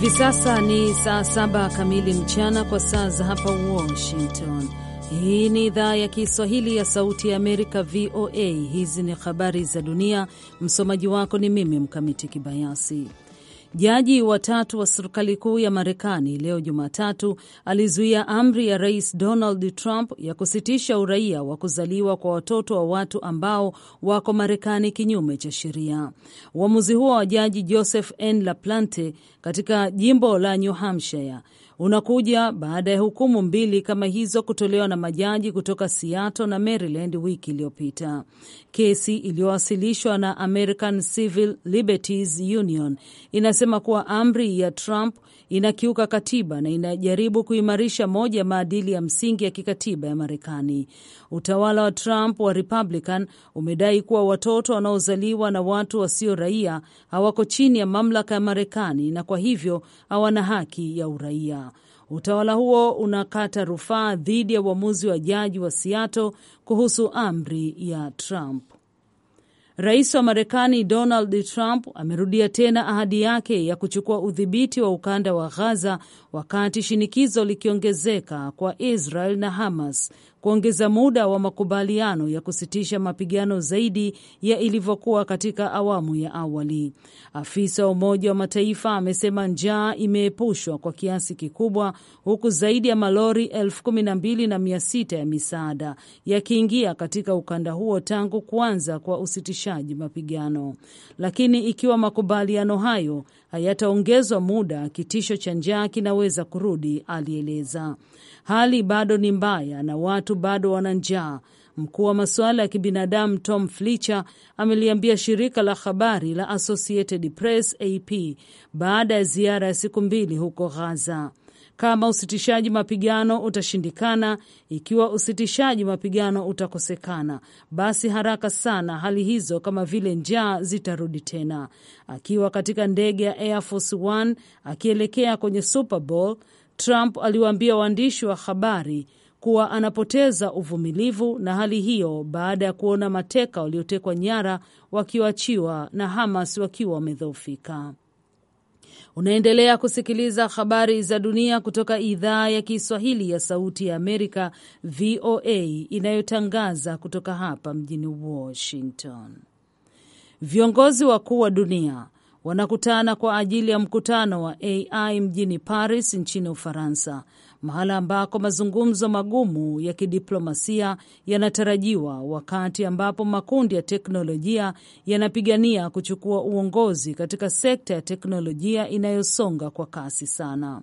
Hivi sasa ni saa saba kamili mchana kwa saa za hapa Washington. Hii ni idhaa ya Kiswahili ya Sauti ya Amerika, VOA. Hizi ni habari za dunia. Msomaji wako ni mimi Mkamiti Kibayasi. Jaji watatu wa serikali kuu ya Marekani leo Jumatatu alizuia amri ya Rais Donald Trump ya kusitisha uraia wa kuzaliwa kwa watoto wa watu ambao wako Marekani kinyume cha sheria. Uamuzi huo wa Jaji Joseph N Laplante katika jimbo la New Hampshire unakuja baada ya hukumu mbili kama hizo kutolewa na majaji kutoka Seattle na Maryland wiki iliyopita. Kesi iliyowasilishwa na American Civil Liberties Union inasema kuwa amri ya Trump inakiuka katiba na inajaribu kuimarisha moja ya maadili ya msingi ya kikatiba ya Marekani. Utawala wa Trump wa Republican umedai kuwa watoto wanaozaliwa na watu wasio raia hawako chini ya mamlaka ya Marekani na kwa hivyo hawana haki ya uraia. Utawala huo unakata rufaa dhidi ya uamuzi wa jaji wa Seattle kuhusu amri ya Trump. Rais wa Marekani Donald Trump amerudia tena ahadi yake ya kuchukua udhibiti wa ukanda wa Gaza wakati shinikizo likiongezeka kwa Israel na Hamas kuongeza muda wa makubaliano ya kusitisha mapigano zaidi ya ilivyokuwa katika awamu ya awali. Afisa wa Umoja wa Mataifa amesema njaa imeepushwa kwa kiasi kikubwa, huku zaidi ya malori 126 ya misaada yakiingia katika ukanda huo tangu kuanza kwa usitishaji mapigano. Lakini ikiwa makubaliano hayo hayataongezwa muda, kitisho cha njaa kina wataweza kurudi, alieleza. Hali bado ni mbaya na watu bado wana njaa. Mkuu wa masuala ya kibinadamu Tom Fletcher ameliambia shirika la habari la Associated Press AP baada ya ziara ya siku mbili huko Gaza kama usitishaji mapigano utashindikana, ikiwa usitishaji mapigano utakosekana, basi haraka sana hali hizo kama vile njaa zitarudi tena. Akiwa katika ndege ya Air Force One akielekea kwenye Super Bowl, Trump aliwaambia waandishi wa habari kuwa anapoteza uvumilivu na hali hiyo baada ya kuona mateka waliotekwa nyara wakiwachiwa na Hamas wakiwa wamedhoofika. Unaendelea kusikiliza habari za dunia kutoka idhaa ya Kiswahili ya Sauti ya Amerika, VOA, inayotangaza kutoka hapa mjini Washington. Viongozi wakuu wa dunia wanakutana kwa ajili ya mkutano wa AI mjini Paris nchini Ufaransa mahala ambako mazungumzo magumu ya kidiplomasia yanatarajiwa, wakati ambapo makundi ya teknolojia yanapigania kuchukua uongozi katika sekta ya teknolojia inayosonga kwa kasi sana.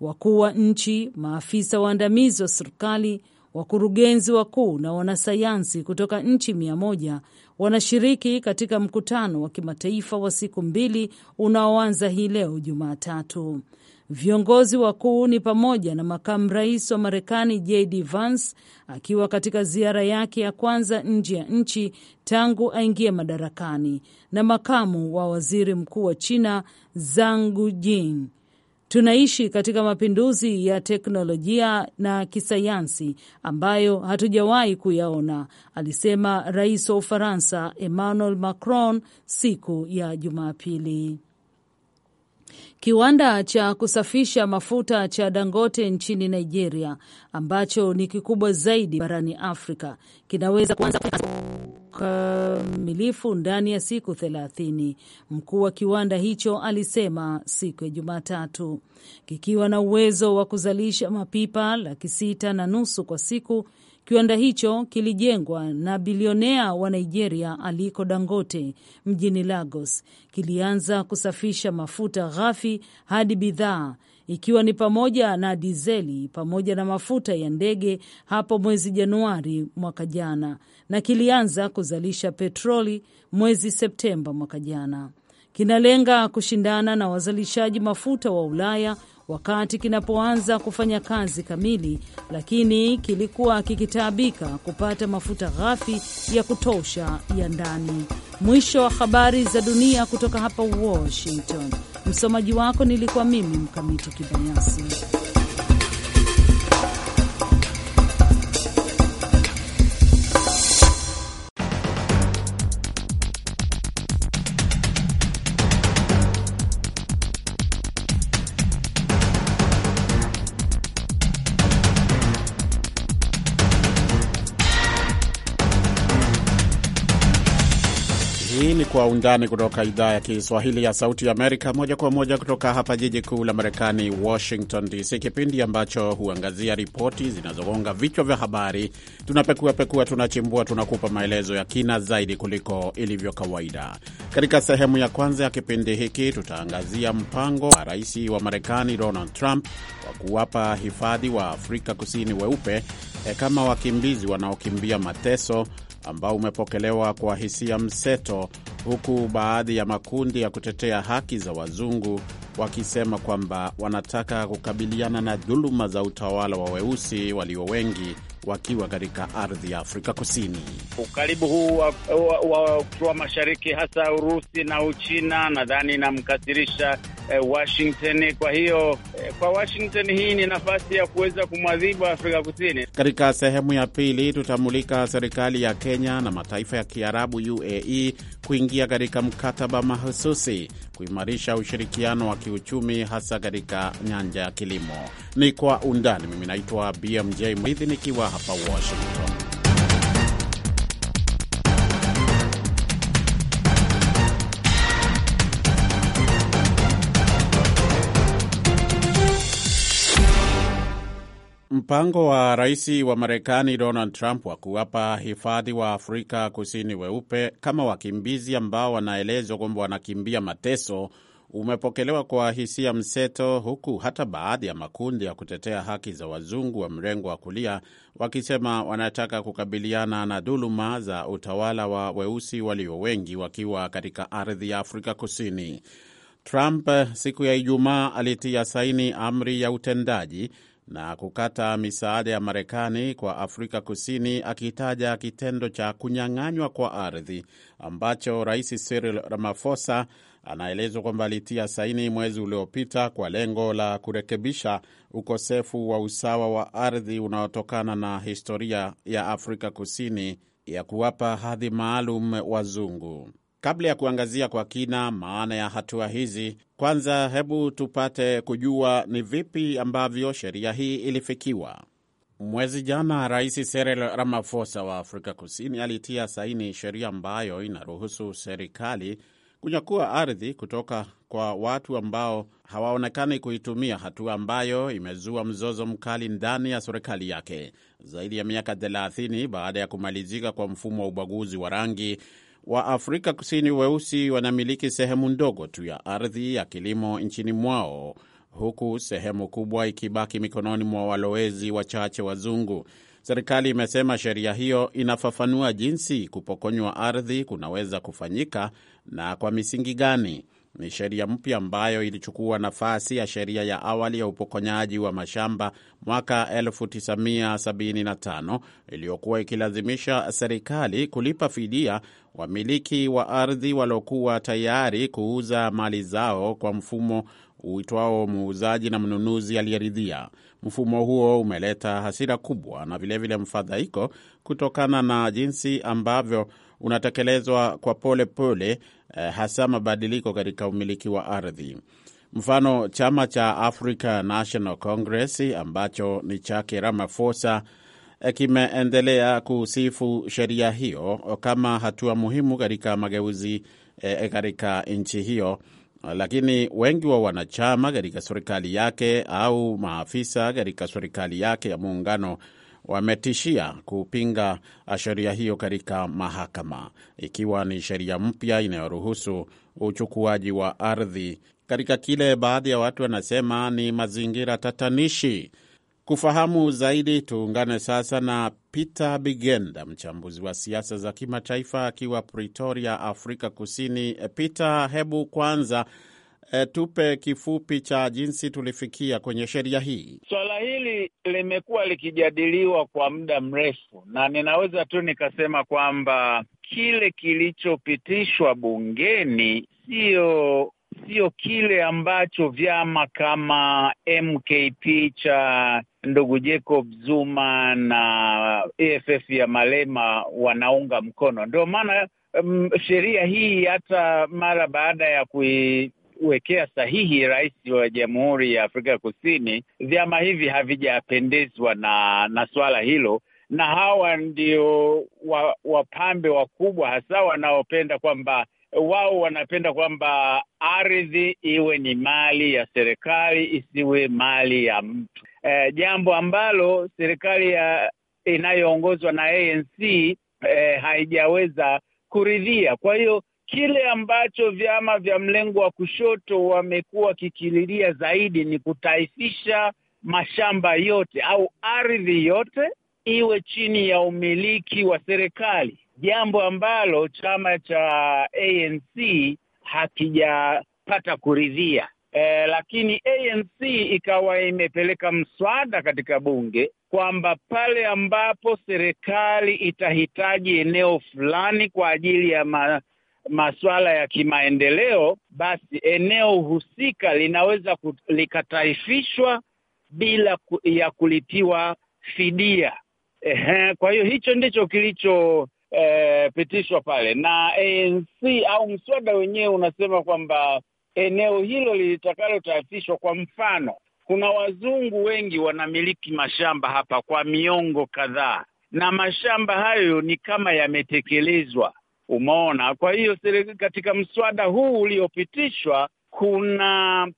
Wakuu wa nchi, maafisa waandamizi wa serikali, wakurugenzi wakuu na wanasayansi kutoka nchi mia moja wanashiriki katika mkutano wa kimataifa wa siku mbili unaoanza hii leo Jumatatu. Viongozi wakuu ni pamoja na makamu rais wa Marekani JD Vance akiwa katika ziara yake ya kwanza nje ya nchi tangu aingie madarakani na makamu wa waziri mkuu wa China Zhang Guojiang. Tunaishi katika mapinduzi ya teknolojia na kisayansi ambayo hatujawahi kuyaona, alisema rais wa Ufaransa Emmanuel Macron siku ya Jumapili. Kiwanda cha kusafisha mafuta cha Dangote nchini Nigeria ambacho ni kikubwa zaidi barani Afrika kinaweza kuanza kamilifu ndani ya siku thelathini, mkuu wa kiwanda hicho alisema siku ya Jumatatu, kikiwa na uwezo wa kuzalisha mapipa laki sita na nusu kwa siku. Kiwanda hicho kilijengwa na bilionea wa Nigeria Aliko Dangote mjini Lagos. Kilianza kusafisha mafuta ghafi hadi bidhaa ikiwa ni pamoja na dizeli pamoja na mafuta ya ndege hapo mwezi Januari mwaka jana, na kilianza kuzalisha petroli mwezi Septemba mwaka jana. Kinalenga kushindana na wazalishaji mafuta wa Ulaya wakati kinapoanza kufanya kazi kamili, lakini kilikuwa kikitaabika kupata mafuta ghafi ya kutosha ya ndani. Mwisho wa habari za dunia kutoka hapa Washington. Msomaji wako nilikuwa mimi Mkamiti Kibayasi. kwa undani kutoka idhaa ya Kiswahili ya Sauti ya Amerika, moja kwa moja kutoka hapa jiji kuu la Marekani, Washington DC, kipindi ambacho huangazia ripoti zinazogonga vichwa vya habari. Tunapekuapekua, tunachimbua, tunakupa maelezo ya kina zaidi kuliko ilivyo kawaida. Katika sehemu ya kwanza ya kipindi hiki, tutaangazia mpango wa rais wa Marekani Donald Trump wa kuwapa hifadhi wa Afrika Kusini weupe eh, kama wakimbizi wanaokimbia mateso ambao umepokelewa kwa hisia mseto, huku baadhi ya makundi ya kutetea haki za wazungu wakisema kwamba wanataka kukabiliana na dhuluma za utawala wa weusi walio wengi wakiwa katika ardhi ya Afrika Kusini. Ukaribu huu wa, wa, wa, wa mashariki hasa Urusi na Uchina nadhani inamkasirisha eh, Washington. Kwa hiyo eh, kwa Washington hii ni nafasi ya kuweza kumwadhibu Afrika Kusini. Katika sehemu ya pili tutamulika serikali ya Kenya na mataifa ya Kiarabu UAE kuingia katika mkataba mahususi kuimarisha ushirikiano wa kiuchumi hasa katika nyanja ya kilimo. Ni kwa undani. Mimi naitwa BMJ Mridhi nikiwa hapa Washington. Mpango wa rais wa Marekani Donald Trump wa kuwapa hifadhi wa Afrika Kusini weupe kama wakimbizi ambao wanaelezwa kwamba wanakimbia mateso umepokelewa kwa hisia mseto, huku hata baadhi ya makundi ya kutetea haki za wazungu wa mrengo wa kulia wakisema wanataka kukabiliana na dhuluma za utawala wa weusi walio wengi wakiwa katika ardhi ya Afrika Kusini. Trump siku ya Ijumaa alitia saini amri ya utendaji na kukata misaada ya Marekani kwa Afrika Kusini, akitaja kitendo cha kunyang'anywa kwa ardhi ambacho Rais Cyril Ramaphosa anaelezwa kwamba alitia saini mwezi uliopita kwa lengo la kurekebisha ukosefu wa usawa wa ardhi unaotokana na historia ya Afrika Kusini ya kuwapa hadhi maalum wazungu. Kabla ya kuangazia kwa kina maana ya hatua hizi, kwanza hebu tupate kujua ni vipi ambavyo sheria hii ilifikiwa. Mwezi jana Rais Cyril Ramaphosa wa Afrika Kusini alitia saini sheria ambayo inaruhusu serikali kunyakua ardhi kutoka kwa watu ambao hawaonekani kuitumia, hatua ambayo imezua mzozo mkali ndani ya serikali yake. Zaidi ya miaka 30 baada ya kumalizika kwa mfumo wa ubaguzi wa rangi, wa Afrika Kusini weusi wanamiliki sehemu ndogo tu ya ardhi ya kilimo nchini mwao, huku sehemu kubwa ikibaki mikononi mwa walowezi wachache wazungu. Serikali imesema sheria hiyo inafafanua jinsi kupokonywa ardhi kunaweza kufanyika na kwa misingi gani. Ni sheria mpya ambayo ilichukua nafasi ya sheria ya awali ya upokonyaji wa mashamba mwaka 1975 iliyokuwa ikilazimisha serikali kulipa fidia wamiliki wa ardhi waliokuwa tayari kuuza mali zao kwa mfumo uitwao muuzaji na mnunuzi aliyeridhia. Mfumo huo umeleta hasira kubwa na vilevile mfadhaiko kutokana na jinsi ambavyo unatekelezwa kwa pole pole, eh, hasa mabadiliko katika umiliki wa ardhi. Mfano, chama cha Africa National Congress ambacho ni chake Ramaphosa eh, kimeendelea kusifu sheria hiyo kama hatua muhimu katika mageuzi e, katika nchi hiyo, lakini wengi wa wanachama katika serikali yake au maafisa katika serikali yake ya muungano wametishia kupinga sheria hiyo katika mahakama, ikiwa ni sheria mpya inayoruhusu uchukuaji wa ardhi katika kile baadhi ya watu wanasema ni mazingira tatanishi. Kufahamu zaidi, tuungane sasa na Peter Bigenda, mchambuzi wa siasa za kimataifa akiwa Pretoria, Afrika Kusini. Peter, hebu kwanza E, tupe kifupi cha jinsi tulifikia kwenye sheria hii. Swala hili limekuwa likijadiliwa kwa muda mrefu, na ninaweza tu nikasema kwamba kile kilichopitishwa bungeni sio sio kile ambacho vyama kama MKP cha ndugu Jacob Zuma na AFF ya Malema wanaunga mkono. Ndio maana um, sheria hii hata mara baada ya kui kuwekea sahihi rais wa Jamhuri ya Afrika ya Kusini, vyama hivi havijapendezwa na na swala hilo, na hawa ndio wapambe wa wakubwa hasa wanaopenda kwamba wao wanapenda kwamba ardhi iwe ni mali ya serikali isiwe mali ya mtu, e, jambo ambalo serikali ya inayoongozwa na ANC e, haijaweza kuridhia. Kwa hiyo Kile ambacho vyama vya mlengo wa kushoto wamekuwa wakikililia zaidi ni kutaifisha mashamba yote au ardhi yote iwe chini ya umiliki wa serikali, jambo ambalo chama cha ANC hakijapata kuridhia. E, lakini ANC ikawa imepeleka mswada katika bunge kwamba pale ambapo serikali itahitaji eneo fulani kwa ajili ya ma, masuala ya kimaendeleo, basi eneo husika linaweza likataifishwa bila ku, ya kulitiwa fidia. Ehe, kwa hiyo hicho ndicho kilichopitishwa eh, pale na ANC au mswada wenyewe unasema kwamba eneo hilo litakalotaifishwa, kwa mfano, kuna wazungu wengi wanamiliki mashamba hapa kwa miongo kadhaa, na mashamba hayo ni kama yametekelezwa Umeona, kwa hiyo katika mswada huu uliopitishwa kuna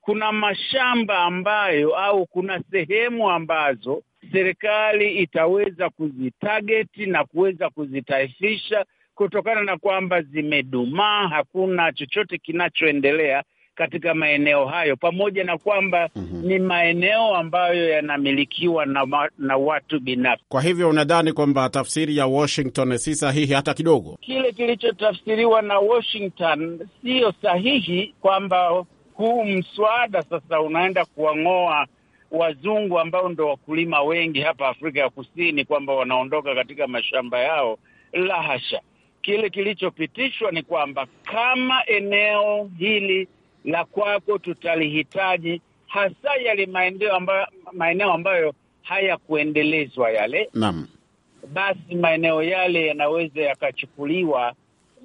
kuna mashamba ambayo au kuna sehemu ambazo serikali itaweza kuzitageti na kuweza kuzitaifisha kutokana na kwamba zimedumaa, hakuna chochote kinachoendelea katika maeneo hayo, pamoja na kwamba mm -hmm. ni maeneo ambayo yanamilikiwa na, na watu binafsi. Kwa hivyo unadhani kwamba tafsiri ya Washington si sahihi hata kidogo? Kile kilichotafsiriwa na Washington siyo sahihi, kwamba huu mswada sasa unaenda kuwang'oa wazungu ambao ndo wakulima wengi hapa Afrika ya Kusini, kwamba wanaondoka katika mashamba yao. La hasha, kile kilichopitishwa ni kwamba kama eneo hili la kwako tutalihitaji, hasa yale maeneo ambayo, maeneo ambayo hayakuendelezwa yale. Naam, basi maeneo yale yanaweza yakachukuliwa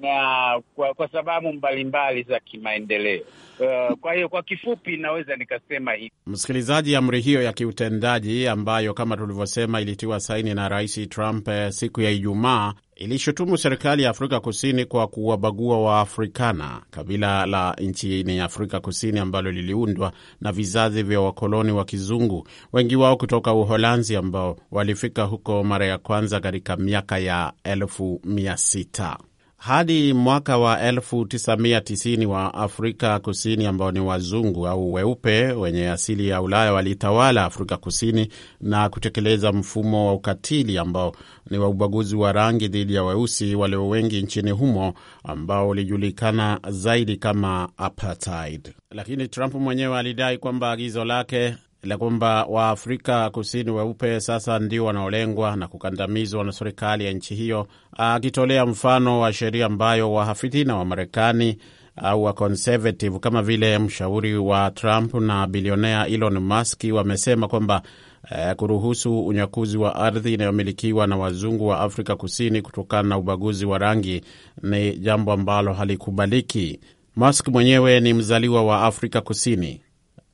na kwa, kwa sababu mbalimbali za kimaendeleo. Uh, kwa hiyo kwa kifupi naweza nikasema hivi, msikilizaji, amri hiyo ya kiutendaji ambayo kama tulivyosema ilitiwa saini na Rais Trump eh, siku ya Ijumaa ilishutumu serikali ya Afrika Kusini kwa kuwabagua Waafrikana, kabila la nchini Afrika Kusini ambalo liliundwa na vizazi vya wakoloni wa kizungu, wengi wao kutoka Uholanzi, ambao walifika huko mara ya kwanza katika miaka ya elfu mia sita hadi mwaka wa 1990 wa Afrika Kusini ambao ni wazungu au weupe wenye asili ya Ulaya walitawala Afrika Kusini na kutekeleza mfumo wa ukatili ambao ni wa ubaguzi wa rangi dhidi ya weusi walio wengi nchini humo ambao ulijulikana zaidi kama apartheid. Lakini Trump mwenyewe alidai kwamba agizo lake la kwamba Waafrika Kusini weupe sasa ndio wanaolengwa na kukandamizwa na serikali ya nchi hiyo, akitolea mfano wa sheria ambayo wahafidhina wa Marekani au wa conservative kama vile mshauri wa Trump na bilionea Elon Musk wamesema kwamba eh, kuruhusu unyakuzi wa ardhi inayomilikiwa na wazungu wa Afrika Kusini kutokana na ubaguzi wa rangi ni jambo ambalo halikubaliki. Musk mwenyewe ni mzaliwa wa Afrika Kusini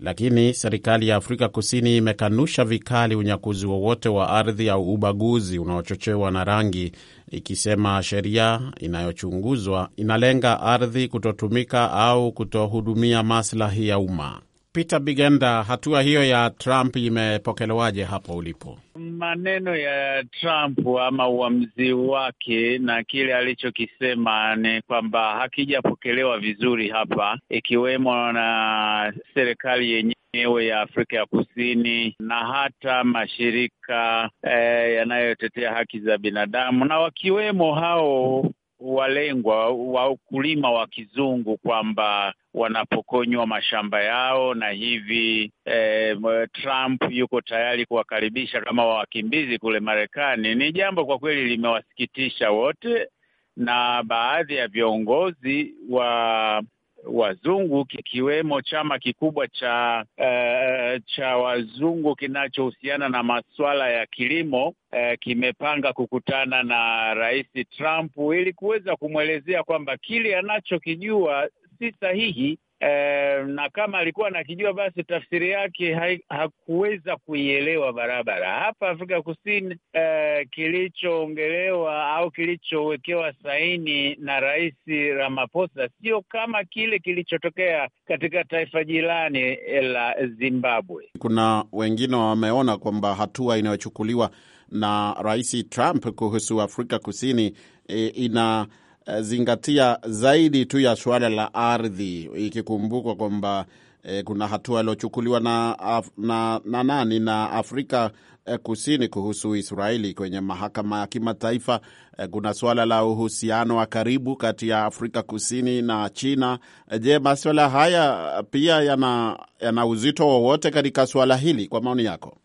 lakini serikali ya Afrika Kusini imekanusha vikali unyakuzi wowote wa ardhi au ubaguzi unaochochewa na rangi, ikisema sheria inayochunguzwa inalenga ardhi kutotumika au kutohudumia maslahi ya umma. Peter Bigenda, hatua hiyo ya Trump imepokelewaje hapo ulipo? Maneno ya Trump ama uamuzi wake na kile alichokisema ni kwamba hakijapokelewa vizuri hapa, ikiwemo na serikali yenyewe ewe ya Afrika ya Kusini na hata mashirika eh, yanayotetea haki za binadamu na wakiwemo hao walengwa wakulima wa kizungu kwamba wanapokonywa mashamba yao na hivi eh, Trump yuko tayari kuwakaribisha kama wawakimbizi kule Marekani. Ni jambo kwa kweli limewasikitisha wote na baadhi ya viongozi wa wazungu kikiwemo chama kikubwa cha uh, cha wazungu kinachohusiana na masuala ya kilimo uh, kimepanga kukutana na Rais Trump ili kuweza kumwelezea kwamba kile anachokijua si sahihi e, na kama alikuwa nakijua basi tafsiri yake hakuweza kuielewa barabara. Hapa Afrika Kusini e, kilichoongelewa au kilichowekewa saini na Rais Ramaphosa sio kama kile kilichotokea katika taifa jirani eh, la Zimbabwe. Kuna wengine wameona kwamba hatua inayochukuliwa na Rais Trump kuhusu Afrika Kusini e, ina Eh, zingatia zaidi tu ya suala la ardhi, ikikumbukwa kwamba eh, kuna hatua iliyochukuliwa na, na, na nani na Afrika eh, Kusini kuhusu Israeli kwenye mahakama ya kimataifa. Eh, kuna suala la uhusiano wa karibu kati ya Afrika Kusini na China. Je, maswala haya pia yana, yana uzito wowote katika suala hili kwa maoni yako?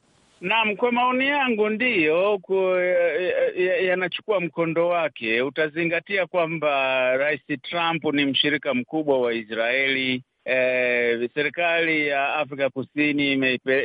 Naam, kwa maoni yangu ndiyo eh, eh, eh, yanachukua ya, ya mkondo wake. Utazingatia kwamba Rais Trump ni mshirika mkubwa wa Israeli. Eh, serikali ya Afrika Kusini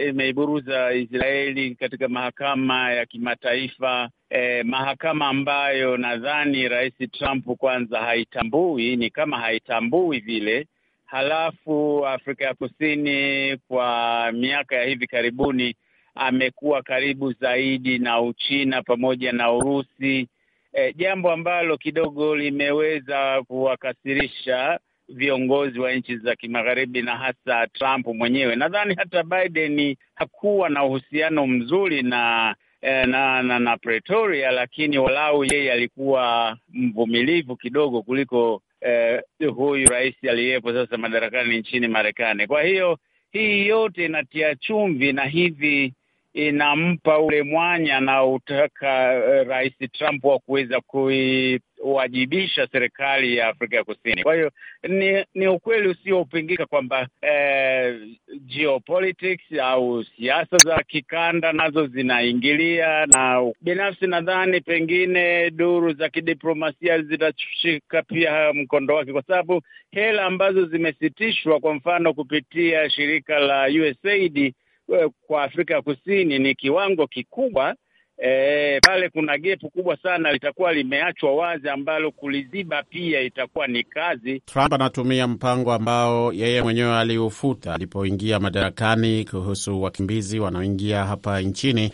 imeiburuza Israeli katika mahakama ya kimataifa eh, mahakama ambayo nadhani Rais Trump kwanza haitambui, ni kama haitambui vile. Halafu Afrika ya Kusini kwa miaka ya hivi karibuni amekuwa karibu zaidi na Uchina pamoja na Urusi, e, jambo ambalo kidogo limeweza kuwakasirisha viongozi wa nchi za kimagharibi na hasa Trump mwenyewe. Nadhani hata Biden hakuwa na uhusiano mzuri na e, na, na na Pretoria, lakini walau yeye alikuwa mvumilivu kidogo kuliko eh, huyu rais aliyepo sasa madarakani nchini Marekani. Kwa hiyo hii yote inatia chumvi na hivi inampa ule mwanya na utaka eh, Rais Trump wa kuweza kuiwajibisha serikali ya Afrika ya Kusini. Kwa hiyo ni, ni ukweli usiopingika kwamba eh, geopolitics au siasa za kikanda nazo zinaingilia, na binafsi nadhani pengine duru za kidiplomasia zitashika pia mkondo wake, kwa sababu hela ambazo zimesitishwa, kwa mfano kupitia shirika la USAID Eh, kwa Afrika ya Kusini ni kiwango kikubwa. E, pale kuna gepu kubwa sana litakuwa limeachwa wazi ambalo kuliziba pia itakuwa ni kazi. Trump anatumia mpango ambao yeye mwenyewe aliufuta alipoingia madarakani kuhusu wakimbizi wanaoingia hapa nchini.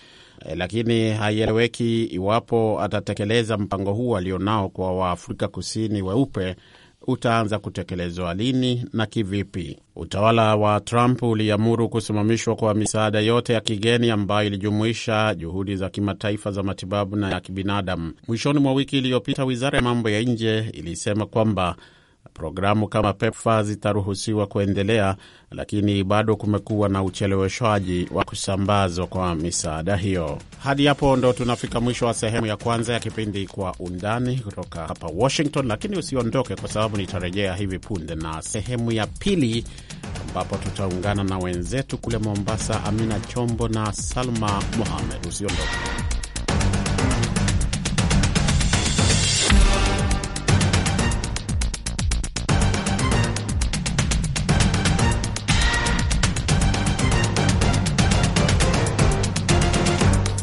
E, lakini haieleweki iwapo atatekeleza mpango huu alionao kwa Waafrika Kusini weupe utaanza kutekelezwa lini na kivipi? Utawala wa Trump uliamuru kusimamishwa kwa misaada yote ya kigeni ambayo ilijumuisha juhudi za kimataifa za matibabu na ya kibinadamu. Mwishoni mwa wiki iliyopita, wizara ya mambo ya nje ilisema kwamba Programu kama pepfa zitaruhusiwa kuendelea, lakini bado kumekuwa na ucheleweshwaji wa kusambazwa kwa misaada hiyo. Hadi hapo ndo tunafika mwisho wa sehemu ya kwanza ya kipindi Kwa Undani kutoka hapa Washington, lakini usiondoke, kwa sababu nitarejea hivi punde na sehemu ya pili, ambapo tutaungana na wenzetu kule Mombasa, Amina Chombo na Salma Mohamed. Usiondoke.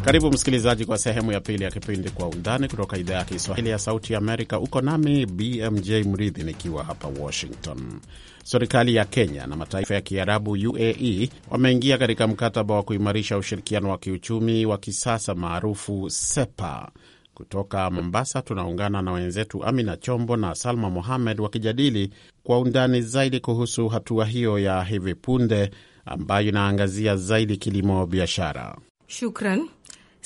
Karibu msikilizaji kwa sehemu ya pili ya kipindi Kwa Undani kutoka idhaa ya Kiswahili ya Sauti ya Amerika. Uko nami BMJ Mridhi nikiwa hapa Washington. Serikali ya Kenya na mataifa ya Kiarabu, UAE, wameingia katika mkataba wa kuimarisha ushirikiano wa kiuchumi wa kisasa maarufu SEPA. Kutoka Mombasa tunaungana na wenzetu Amina Chombo na Salma Mohamed wakijadili kwa undani zaidi kuhusu hatua hiyo ya hivi punde ambayo inaangazia zaidi kilimo biashara. Shukran.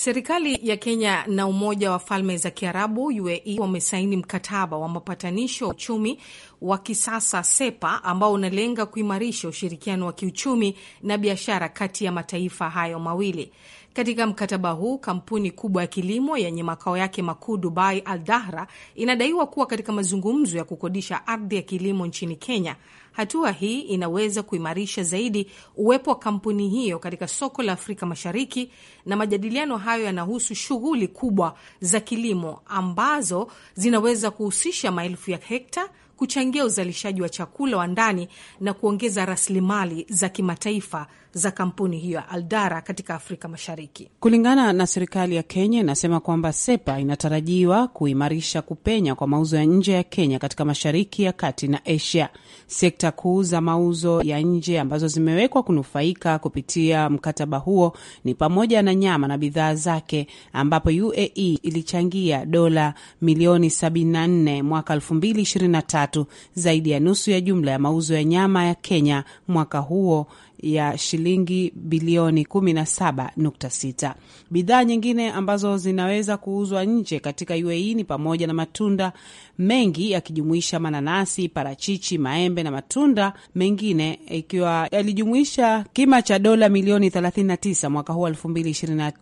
Serikali ya Kenya na Umoja wa Falme za Kiarabu UAE wamesaini mkataba wa mapatanisho wa uchumi wa kisasa SEPA ambao unalenga kuimarisha ushirikiano wa kiuchumi na biashara kati ya mataifa hayo mawili. Katika mkataba huu kampuni kubwa ya kilimo yenye makao yake makuu Dubai, Al Dahra, inadaiwa kuwa katika mazungumzo ya kukodisha ardhi ya kilimo nchini Kenya Hatua hii inaweza kuimarisha zaidi uwepo wa kampuni hiyo katika soko la Afrika Mashariki, na majadiliano hayo yanahusu shughuli kubwa za kilimo ambazo zinaweza kuhusisha maelfu ya hekta kuchangia uzalishaji wa chakula wa ndani na kuongeza rasilimali za kimataifa za kampuni hiyo ya Aldara katika Afrika Mashariki. Kulingana na serikali ya Kenya, inasema kwamba SEPA inatarajiwa kuimarisha kupenya kwa mauzo ya nje ya Kenya katika Mashariki ya Kati na Asia. Sekta kuu za mauzo ya nje ambazo zimewekwa kunufaika kupitia mkataba huo ni pamoja na nyama na bidhaa zake, ambapo UAE ilichangia dola milioni 74 mwaka 2023 tatu, zaidi ya nusu ya jumla ya mauzo ya nyama ya Kenya mwaka huo ya shilingi bilioni 17.6. Bidhaa nyingine ambazo zinaweza kuuzwa nje katika UAE ni pamoja na matunda mengi yakijumuisha mananasi, parachichi, maembe na matunda mengine, ikiwa yalijumuisha kima cha dola milioni 39 mwaka huu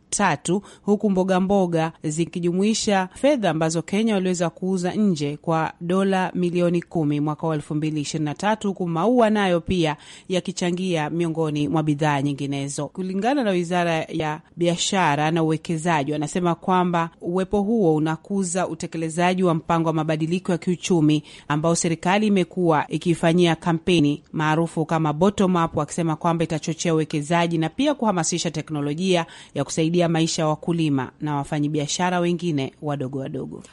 tatu, huku mboga mboga zikijumuisha fedha ambazo Kenya waliweza kuuza nje kwa dola milioni kumi mwaka wa elfu mbili ishirini na tatu, huku maua nayo pia yakichangia miongoni mwa bidhaa nyinginezo. Kulingana na Wizara ya Biashara na Uwekezaji, wanasema kwamba uwepo huo unakuza utekelezaji wa mpango wa mabadiliko ya kiuchumi ambao serikali imekuwa ikifanyia kampeni maarufu kama bottom up, wakisema kwamba itachochea uwekezaji na pia kuhamasisha teknolojia ya kusaidia kusaidia maisha ya wakulima na wafanyabiashara wengine wadogo wadogo.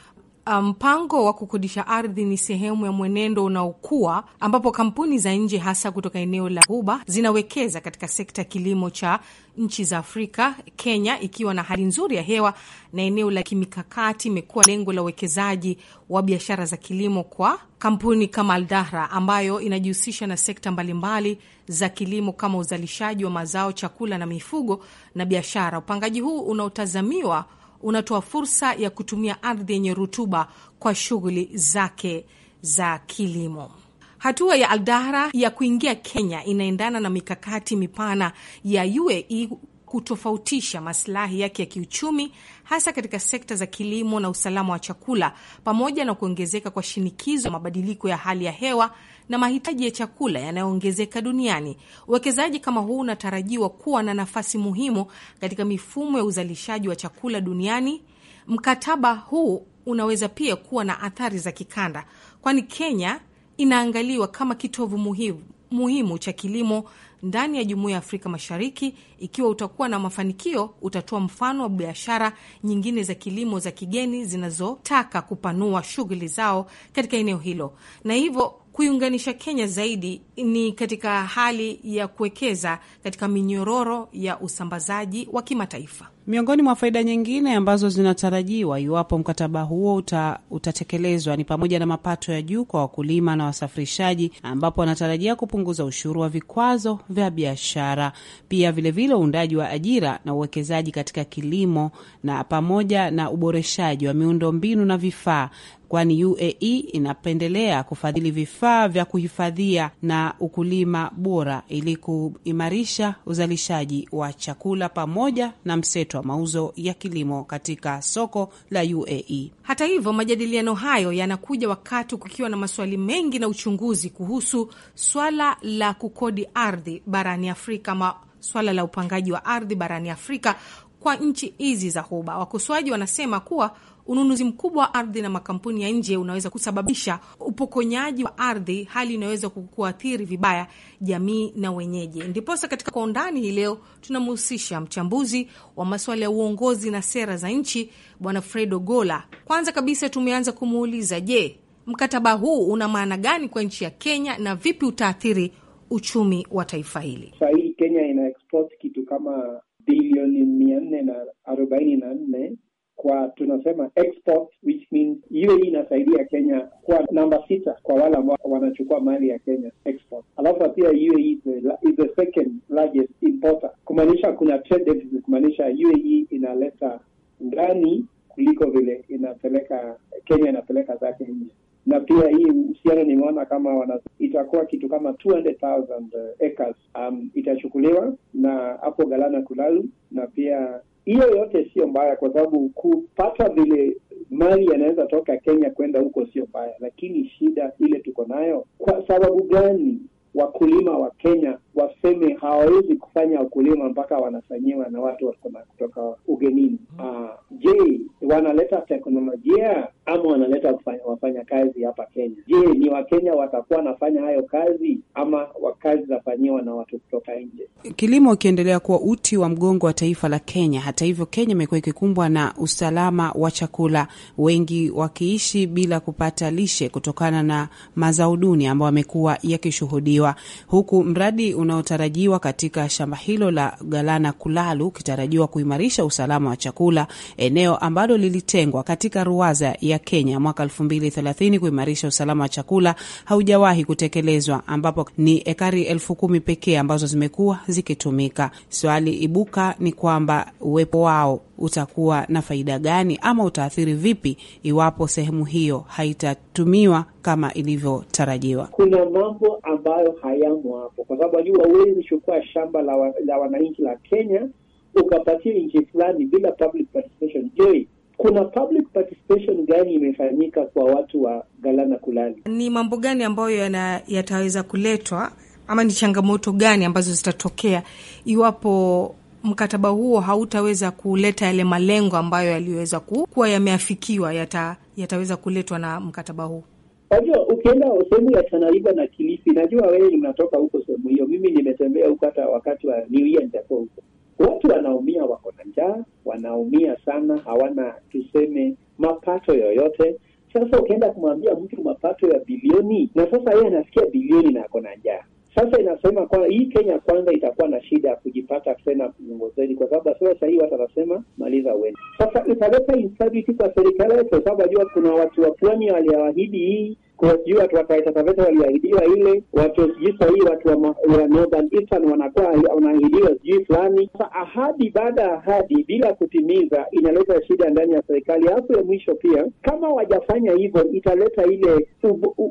Ah, mpango wa kukodisha ardhi ni sehemu ya mwenendo unaokuwa ambapo kampuni za nje hasa kutoka eneo la Ghuba zinawekeza katika sekta ya kilimo cha nchi za Afrika. Kenya ikiwa na hali nzuri ya hewa na eneo la kimikakati, imekuwa lengo la uwekezaji wa biashara za kilimo kwa kampuni kama Aldahra ambayo inajihusisha na sekta mbalimbali za kilimo kama uzalishaji wa mazao, chakula na mifugo na biashara. Upangaji huu unaotazamiwa unatoa fursa ya kutumia ardhi yenye rutuba kwa shughuli zake za kilimo. Hatua ya Aldahra ya kuingia Kenya inaendana na mikakati mipana ya UAE kutofautisha masilahi yake ya kiuchumi hasa katika sekta za kilimo na usalama wa chakula pamoja na kuongezeka kwa shinikizo ya mabadiliko ya hali ya hewa na mahitaji ya chakula yanayoongezeka duniani. Uwekezaji kama huu unatarajiwa kuwa na nafasi muhimu katika mifumo ya uzalishaji wa chakula duniani. Mkataba huu unaweza pia kuwa na athari za kikanda, kwani Kenya inaangaliwa kama kitovu muhimu muhimu cha kilimo ndani ya Jumuiya ya Afrika Mashariki. Ikiwa utakuwa na mafanikio, utatoa mfano wa biashara nyingine za kilimo za kigeni zinazotaka kupanua shughuli zao katika eneo hilo, na hivyo kuiunganisha Kenya zaidi ni katika hali ya kuwekeza katika minyororo ya usambazaji wa kimataifa. Miongoni mwa faida nyingine ambazo zinatarajiwa iwapo mkataba huo uta, utatekelezwa ni pamoja na mapato ya juu kwa wakulima na wasafirishaji, ambapo wanatarajia kupunguza ushuru wa vikwazo vya biashara. Pia vilevile uundaji wa ajira na uwekezaji katika kilimo na pamoja na uboreshaji wa miundombinu na vifaa kwani UAE inapendelea kufadhili vifaa vya kuhifadhia na ukulima bora ili kuimarisha uzalishaji wa chakula pamoja na mseto wa mauzo ya kilimo katika soko la UAE. Hata hivyo, majadiliano hayo yanakuja wakati kukiwa na maswali mengi na uchunguzi kuhusu swala la kukodi ardhi barani Afrika ma swala la upangaji wa ardhi barani Afrika kwa nchi hizi za huba. Wakosoaji wanasema kuwa ununuzi mkubwa wa ardhi na makampuni ya nje unaweza kusababisha upokonyaji wa ardhi, hali inaweza kuathiri vibaya jamii na wenyeji. Ndiposa katika Kwa Undani hii leo tunamhusisha mchambuzi wa masuala ya uongozi na sera za nchi, Bwana Fredo Gola. Kwanza kabisa tumeanza kumuuliza, je, mkataba huu una maana gani kwa nchi ya Kenya na vipi utaathiri uchumi wa taifa hili? Sahii Kenya ina export kitu kama bilioni mia nne na arobaini na nne kwa tunasema export which means hiyo hii inasaidia Kenya kuwa namba sita kwa wale ambao wanachukua mali ya Kenya export. Alafu pia UAE is the, is the second largest importer, kumaanisha kuna trade deficit, kumaanisha UAE inaleta ndani kuliko vile inapeleka Kenya inapeleka zake nje na pia hii uhusiano nimeona kama wana, itakuwa kitu kama 200,000 uh, acres um, itachukuliwa na hapo Galana Kulalu, na pia hiyo yote sio mbaya, kwa sababu kupata vile mali yanaweza toka Kenya kwenda huko sio mbaya, lakini shida ile tuko nayo kwa sababu gani wakulima wa Kenya waseme hawawezi kufanya ukulima mpaka wanafanyiwa na watu kutoka ugenini. Uh, je, wanaleta teknolojia ama wanaleta wafanyakazi hapa Kenya? Je, ni Wakenya watakuwa wanafanya hayo kazi ama wakazi zafanyiwa na watu kutoka nje? Kilimo ikiendelea kuwa uti wa mgongo wa taifa la Kenya. Hata hivyo, Kenya imekuwa ikikumbwa na usalama wa chakula, wengi wakiishi bila kupata lishe kutokana na mazao duni ambayo amekuwa yakishuhudiwa kutekelezwa huku mradi unaotarajiwa katika shamba hilo la Galana Kulalu ukitarajiwa kuimarisha usalama wa chakula, eneo ambalo lilitengwa katika ruwaza ya Kenya mwaka 2030 kuimarisha usalama wa chakula haujawahi kutekelezwa, ambapo ni ekari elfu kumi pekee ambazo zimekuwa zikitumika. Swali ibuka ni kwamba uwepo wao utakuwa na faida gani ama utaathiri vipi iwapo sehemu hiyo haitatumiwa kama ilivyotarajiwa. Kuna mambo ambayo hayamo hapo, kwa sababu wajua, huwezi chukua shamba la, wa, la wananchi la Kenya ukapatia nchi fulani bila public participation. Je, kuna public participation gani imefanyika kwa watu wa Galana Kulali? Ni mambo gani ambayo yataweza kuletwa ama ni changamoto gani ambazo zitatokea iwapo mkataba huo hautaweza kuleta yale malengo ambayo yaliweza kuwa yameafikiwa, yata, yataweza kuletwa na mkataba huu. Najua ukienda sehemu ya Tanariva na Kilifi, najua wewe mnatoka huko sehemu hiyo, mimi nimetembea huko hata wakati wa New Year nitakuwa huko. Watu wanaumia, wako na njaa, wanaumia sana, hawana tuseme mapato yoyote. Sasa ukienda kumwambia mtu mapato ya bilioni, na sasa yeye anasikia bilioni na ako na njaa sasa inasema kwa hii Kenya kwanza itakuwa na shida ya kujipata tena uongozini, kwa sababu sasa hii watu wanasema maliza wewe. Sasa italeta instability kwa serikali, kwa sababu ajua kuna watu wa pwani waliahidi hii kwa sijui watu wa Taita Taveta waliahidiwa ile, watu sijui hii watu wa, wa Northern Eastern wanakuwa wanaahidiwa sijui fulani. Sasa ahadi baada ya ahadi bila kutimiza inaleta shida ndani ya serikali. Halafu ya mwisho pia, kama wajafanya hivyo, italeta ile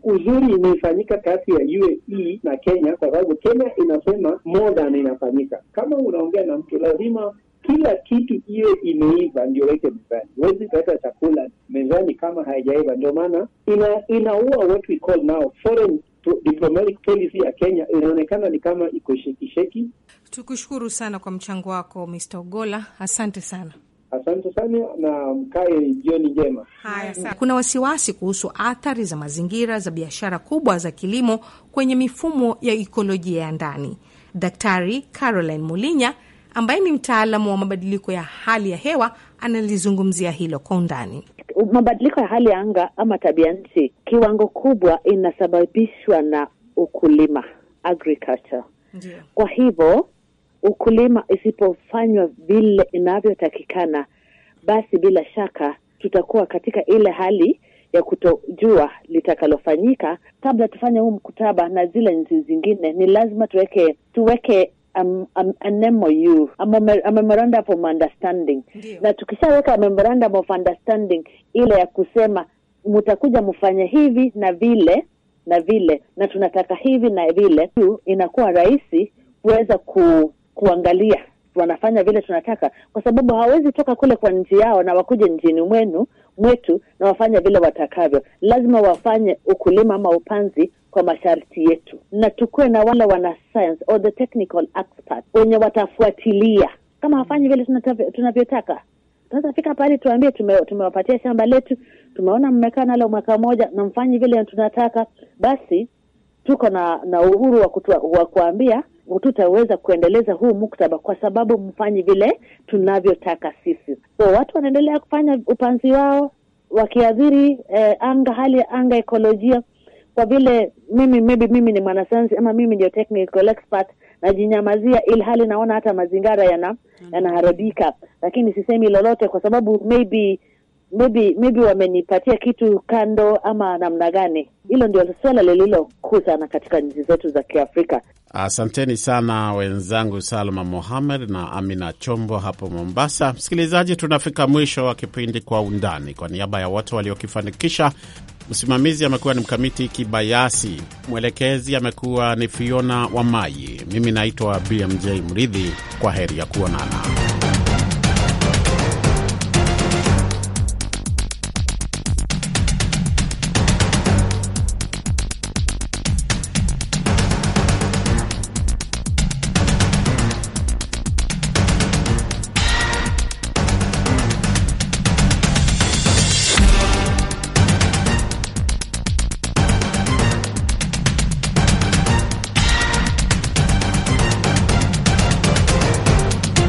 uzuri imefanyika kati ya UAE na Kenya, kwa sababu Kenya inasema more than inafanyika. Kama unaongea na mtu lazima kila kitu iwe imeiva ndio weke mezani. Huwezi kaweka chakula mezani kama haijaiva. Ndio maana ina inaua what we call now foreign diplomatic policy ya Kenya inaonekana ni kama iko shekisheki. Tukushukuru sana kwa mchango wako Mr. Ogola, asante sana. Asante sana na mkae jioni njema. Haya, kuna wasiwasi kuhusu athari za mazingira za biashara kubwa za kilimo kwenye mifumo ya ikolojia ya ndani. Daktari Caroline Mulinya ambaye ni mtaalamu wa mabadiliko ya hali ya hewa analizungumzia hilo kwa undani. Mabadiliko ya hali ya anga ama tabia nchi kiwango kubwa inasababishwa na ukulima, agriculture. Ndiyo. Kwa hivyo ukulima isipofanywa vile inavyotakikana, basi bila shaka tutakuwa katika ile hali ya kutojua litakalofanyika. Kabla tufanye huu mkataba na zile nchi zingine, ni lazima tuweke tuweke um, um, an MOU, a, mem a memorandum of understanding Ndiyo. na tukishaweka memorandum of understanding ile ya kusema mtakuja mfanye hivi na vile na vile na tunataka hivi na vile, inakuwa rahisi kuweza ku, kuangalia wanafanya vile tunataka, kwa sababu hawawezi toka kule kwa nchi yao na wakuje nchini mwenu mwetu na wafanye vile watakavyo. Lazima wafanye ukulima ama upanzi kwa masharti yetu, na tukuwe na wale wana science or the technical experts wenye watafuatilia. Kama hawafanyi vile tunavyotaka, fika pale tuambie, tume, tumewapatia shamba letu, tumeona mmekaa nalo mwaka mmoja na mfanyi vile tunataka, basi tuko na na uhuru wa kuambia tutaweza kuendeleza huu muktaba kwa sababu mfanyi vile tunavyotaka sisi. So watu wanaendelea kufanya upanzi wao wakiathiri eh, anga, hali ya anga, ekolojia. Kwa vile mimi maybe mimi ni mwanasayansi ama mimi ndio technical expert, najinyamazia naona hata mazingira yana mm-hmm. yanaharibika, lakini sisemi lolote kwa sababu maybe maybe maybe wamenipatia kitu kando ama namna gani? Hilo ndio swala lililokuu sana katika nchi zetu za Kiafrika. Asanteni sana wenzangu Salma Mohamed na Amina Chombo hapo Mombasa. Msikilizaji, tunafika mwisho wa kipindi Kwa Undani. Kwa niaba ya wote waliokifanikisha, msimamizi amekuwa ni Mkamiti Kibayasi, mwelekezi amekuwa ni Fiona Wamayi, mimi naitwa BMJ Mridhi. Kwa heri ya kuonana.